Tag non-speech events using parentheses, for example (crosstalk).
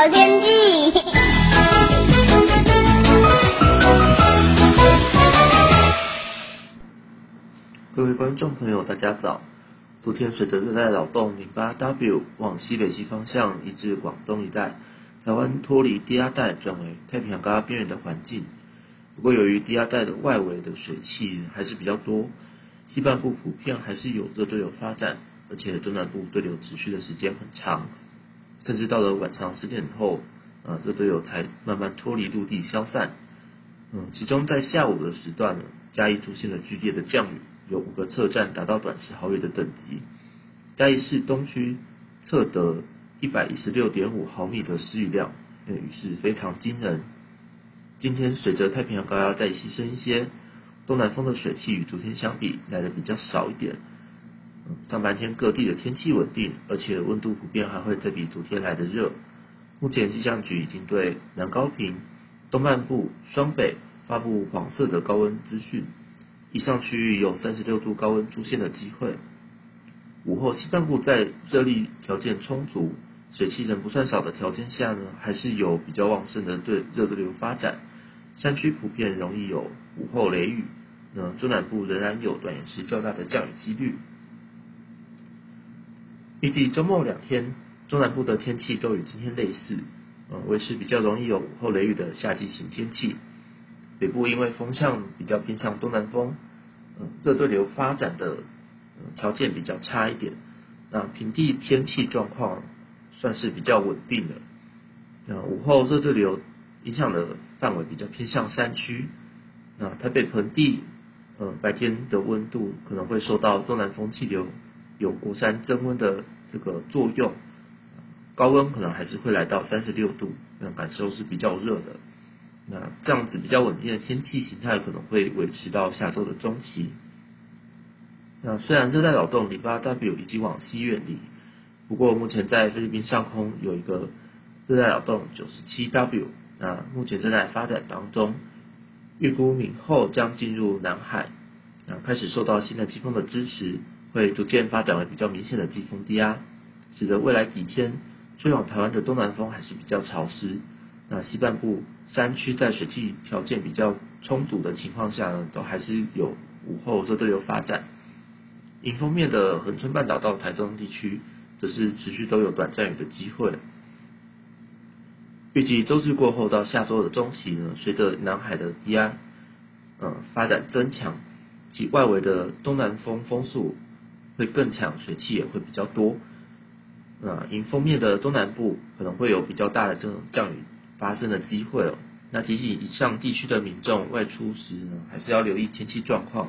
好天氣！ (laughs) 各位觀眾朋友，大家早。昨天隨着熱帶擾動零八 W 往西北西方向移至廣東一帶，台灣脫離低壓帶，轉為太平洋高壓邊緣的環境。不過由於低壓帶的外圍的水汽還是比較多，西半部普遍還是有熱對流發展，而且中南部對流持續的時間很長。甚至到了晚上十點以後，啊、呃，這對流才慢慢脫離陸地消散。嗯，其中在下午的時段呢，嘉義出現了劇烈的降雨，有五個測站達到短時豪雨的等級。嘉義市東區測得一百一十六點五毫米的時雨量，那、呃、雨勢非常驚人。今天隨着太平洋高壓再西伸一些，東南風的水氣與昨天相比來的比較少一點。上半天各地的天氣穩定，而且溫度普遍還會再比昨天來的熱。目前氣象局已經對南高屏、東半部、雙北發布黃色的高溫資訊，以上區域有三十六度高溫出現的機會。午後西半部在熱力條件充足、水汽仍不算少的條件下呢，還是有比較旺盛的對熱對流發展，山區普遍容易有午後雷雨。那中南部仍然有短延時較大的降雨幾率。預計周末兩天，中南部的天氣都與今天類似，嗯、呃，維持比較容易有午後雷雨的夏季型天氣。北部因為風向比較偏向東南風，呃，熱對流發展的呃、條件比較差一點。那平地天氣狀況算是比較穩定的。那午後熱對流影響的範圍比較偏向山區。那台北盆地，呃，白天的溫度可能會受到東南風氣流。有過山增溫的這個作用，高溫可能還是會來到三十六度，那感受是比較熱的。那這樣子比較穩定的天氣形態可能會維持到下周的中期。那雖然熱帶擾動零八 W 已經往西遠離，不過目前在菲律賓上空有一個熱帶擾動九十七 W，那目前正在發展當中，預估明後將進入南海，那開始受到西南季風的支持。會逐漸發展為比較明顯的季風低壓，使得未來幾天吹往台灣的東南風還是比較潮濕。那西半部山區在水氣條件比較充足的情況下呢，都還是有午後熱對流發展。迎風面的恆春半島到台東地區，則是持續都有短暫雨的機會。預計周日過後到下周的中期呢，隨着南海的低壓，嗯、呃，發展增強，其外圍的東南風風速。會更強，水汽也會比較多。那、呃、迎風面的東南部可能會有比較大的這種降雨發生的機會哦。那提醒以上地區的民眾外出時呢，還是要留意天氣狀況。